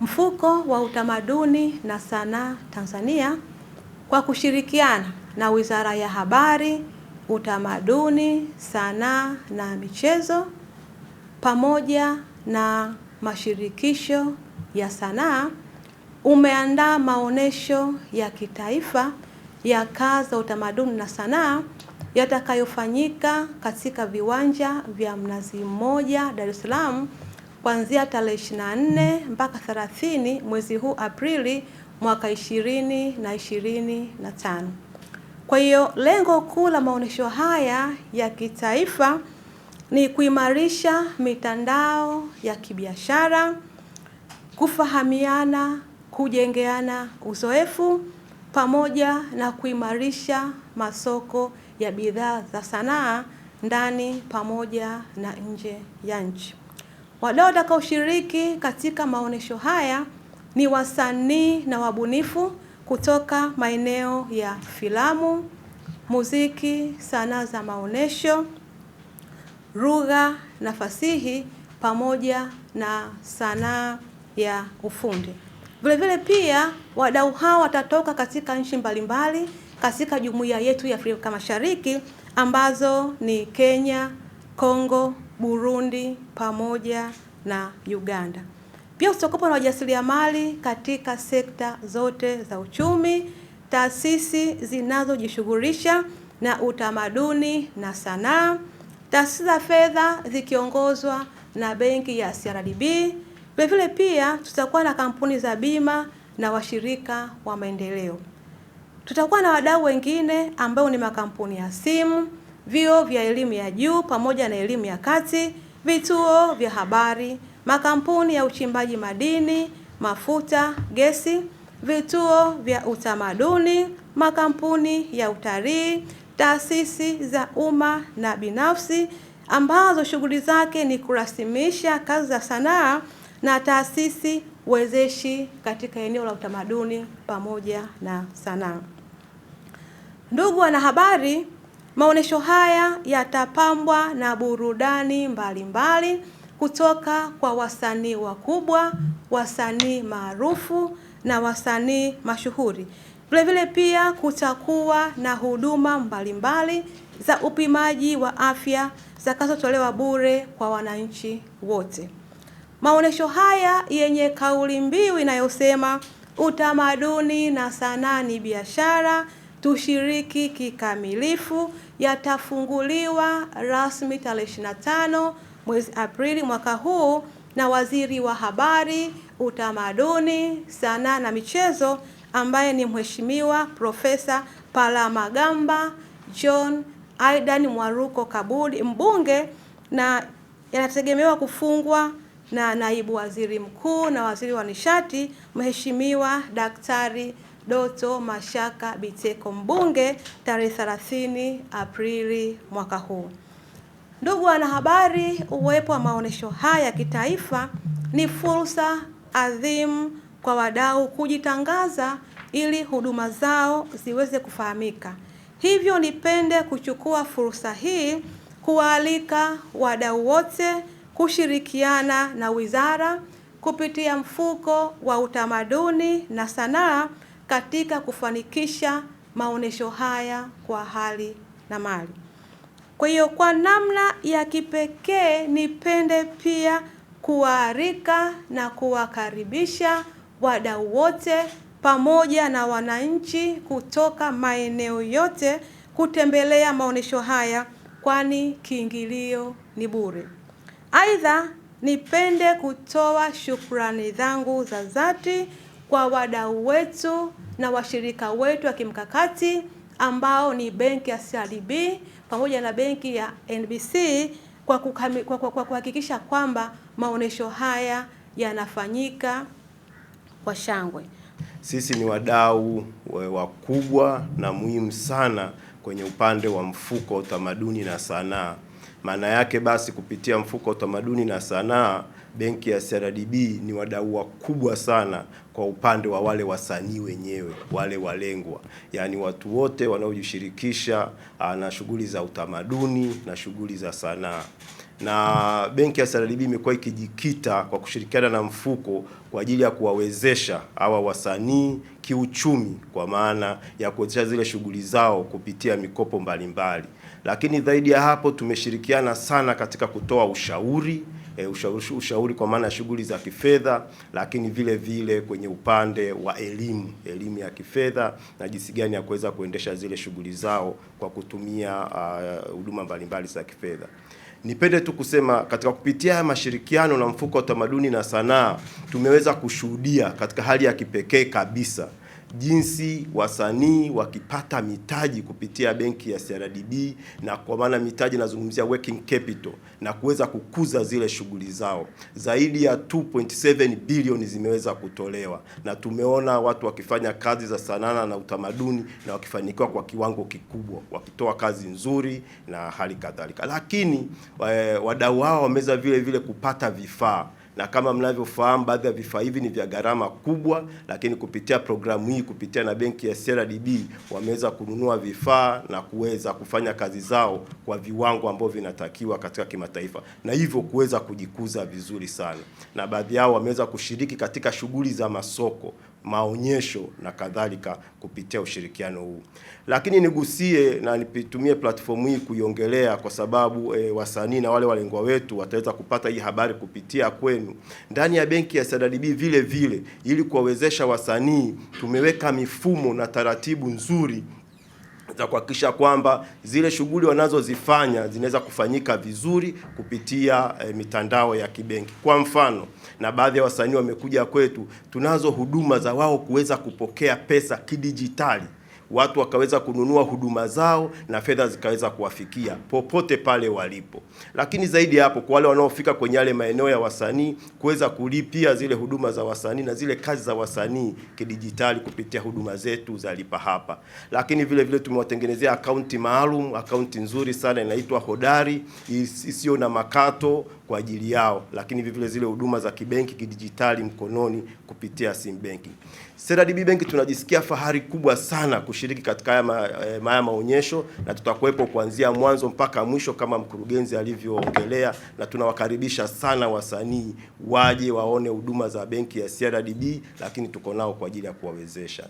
Mfuko wa Utamaduni na Sanaa Tanzania kwa kushirikiana na Wizara ya Habari, Utamaduni, Sanaa na Michezo pamoja na mashirikisho ya sanaa umeandaa maonesho ya kitaifa ya kazi za utamaduni na sanaa yatakayofanyika katika viwanja vya Mnazi Mmoja, Dar es Salaam kuanzia tarehe 24 mpaka 30 mwezi huu Aprili mwaka ishirini na ishirini na tano. Kwa hiyo lengo kuu la maonesho haya ya kitaifa ni kuimarisha mitandao ya kibiashara, kufahamiana, kujengeana uzoefu pamoja na kuimarisha masoko ya bidhaa za sanaa ndani pamoja na nje ya nchi. Wadau watakaoshiriki katika maonyesho haya ni wasanii na wabunifu kutoka maeneo ya filamu, muziki, sanaa za maonyesho, lugha na fasihi pamoja na sanaa ya ufundi. Vilevile pia wadau hao watatoka katika nchi mbalimbali katika jumuiya yetu ya Afrika Mashariki ambazo ni Kenya, Kongo Burundi pamoja na Uganda. Pia tutakuwa na wajasiriamali katika sekta zote za uchumi, taasisi zinazojishughulisha na utamaduni na sanaa, taasisi za fedha zikiongozwa na benki ya CRDB. Vilevile pia tutakuwa na kampuni za bima na washirika wa maendeleo. Tutakuwa na wadau wengine ambao ni makampuni ya simu vyuo vya elimu ya juu pamoja na elimu ya kati, vituo vya habari, makampuni ya uchimbaji madini, mafuta, gesi, vituo vya utamaduni, makampuni ya utalii, taasisi za umma na binafsi ambazo shughuli zake ni kurasimisha kazi za sanaa na taasisi wezeshi katika eneo la utamaduni pamoja na sanaa. Ndugu wanahabari, Maonyesho haya yatapambwa na burudani mbalimbali mbali, kutoka kwa wasanii wakubwa, wasanii maarufu na wasanii mashuhuri. Vilevile pia kutakuwa na huduma mbalimbali mbali za upimaji wa afya zitakazotolewa bure kwa wananchi wote. Maonyesho haya yenye kauli mbiu inayosema utamaduni na sanaa ni biashara tushiriki kikamilifu, yatafunguliwa rasmi tarehe 25 mwezi Aprili mwaka huu na Waziri wa Habari, Utamaduni, Sanaa na Michezo ambaye ni Mheshimiwa Profesa Palamagamba John Aidan Mwaruko Kabudi, mbunge, na yanategemewa kufungwa na naibu waziri mkuu na waziri wa nishati Mheshimiwa Daktari Doto Mashaka Biteko mbunge tarehe 30 Aprili mwaka huu. Ndugu wanahabari, uwepo wa maonesho haya ya kitaifa ni fursa adhimu kwa wadau kujitangaza ili huduma zao ziweze kufahamika. Hivyo nipende kuchukua fursa hii kuwaalika wadau wote kushirikiana na wizara kupitia mfuko wa utamaduni na sanaa katika kufanikisha maonesho haya kwa hali na mali. Kwa hiyo kwa namna ya kipekee nipende pia kuwaalika na kuwakaribisha wadau wote pamoja na wananchi kutoka maeneo yote kutembelea maonesho haya kwani kiingilio ni bure. Aidha, nipende kutoa shukrani zangu za dhati kwa wadau wetu na washirika wetu wa kimkakati ambao ni benki ya CRDB pamoja na benki ya NBC kwa kuhakikisha kwa, kwa, kwa kwamba maonesho haya yanafanyika kwa shangwe. Sisi ni wadau wakubwa na muhimu sana kwenye upande wa mfuko wa utamaduni na sanaa. Maana yake basi, kupitia mfuko wa utamaduni na sanaa, benki ya CRDB ni wadau wakubwa sana kwa upande wa wale wasanii wenyewe, wale walengwa, yaani watu wote wanaojishirikisha ah, na shughuli za utamaduni na shughuli za sanaa na benki ya CRDB imekuwa ikijikita kwa kushirikiana na mfuko kwa ajili ya kuwawezesha hawa wasanii kiuchumi, kwa maana ya kuwezesha zile shughuli zao kupitia mikopo mbalimbali lakini zaidi ya hapo tumeshirikiana sana katika kutoa ushauri e, ushauri, ushauri kwa maana ya shughuli za kifedha, lakini vile vile kwenye upande wa elimu, elimu ya kifedha na jinsi gani ya kuweza kuendesha zile shughuli zao kwa kutumia huduma uh, mbalimbali za kifedha. Nipende tu kusema katika kupitia haya mashirikiano na mfuko wa utamaduni na sanaa tumeweza kushuhudia katika hali ya kipekee kabisa jinsi wasanii wakipata mitaji kupitia benki ya CRDB, na kwa maana mitaji nazungumzia working capital na kuweza kukuza zile shughuli zao. Zaidi ya 2.7 bilioni zimeweza kutolewa, na tumeona watu wakifanya kazi za sanaa na utamaduni na wakifanikiwa kwa kiwango kikubwa, wakitoa kazi nzuri na hali kadhalika. Lakini eh, wadau hao wameweza vile vile kupata vifaa na kama mnavyofahamu, baadhi ya vifaa hivi ni vya gharama kubwa, lakini kupitia programu hii, kupitia na benki ya CRDB wameweza kununua vifaa na kuweza kufanya kazi zao kwa viwango ambavyo vinatakiwa katika kimataifa, na hivyo kuweza kujikuza vizuri sana, na baadhi yao wameweza kushiriki katika shughuli za masoko maonyesho na kadhalika kupitia ushirikiano huu. Lakini nigusie na nitumie platformu hii kuiongelea kwa sababu e, wasanii na wale walengwa wetu wataweza kupata hii habari kupitia kwenu. Ndani ya benki ya CRDB vile vile, ili kuwawezesha wasanii tumeweka mifumo na taratibu nzuri za kuhakikisha kwamba zile shughuli wanazozifanya zinaweza kufanyika vizuri kupitia e, mitandao ya kibenki. Kwa mfano, na baadhi ya wasanii wamekuja kwetu, tunazo huduma za wao kuweza kupokea pesa kidijitali watu wakaweza kununua huduma zao na fedha zikaweza kuwafikia popote pale walipo. Lakini zaidi ya hapo, kwa wale wanaofika kwenye yale maeneo ya wasanii kuweza kulipia zile huduma za wasanii na zile kazi za wasanii kidijitali kupitia huduma zetu za Lipa Hapa. Lakini vile vile tumewatengenezea akaunti maalum, akaunti nzuri sana inaitwa Hodari isiyo na makato kwa ajili yao, lakini vivile zile huduma za kibenki kidijitali mkononi kupitia sim banking. Sera DB Bank tunajisikia fahari kubwa sana kushiriki katika haya ma, e, maonyesho na tutakuwepo kuanzia mwanzo mpaka mwisho kama mkurugenzi alivyoongelea, na tunawakaribisha sana wasanii waje waone huduma za benki ya CRDB, lakini tuko nao kwa ajili ya kuwawezesha.